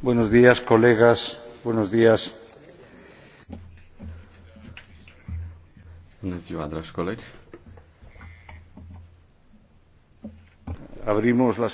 Buenos días, colegas. Buenos días. Bună ziua, dragi colegi. Abrimos la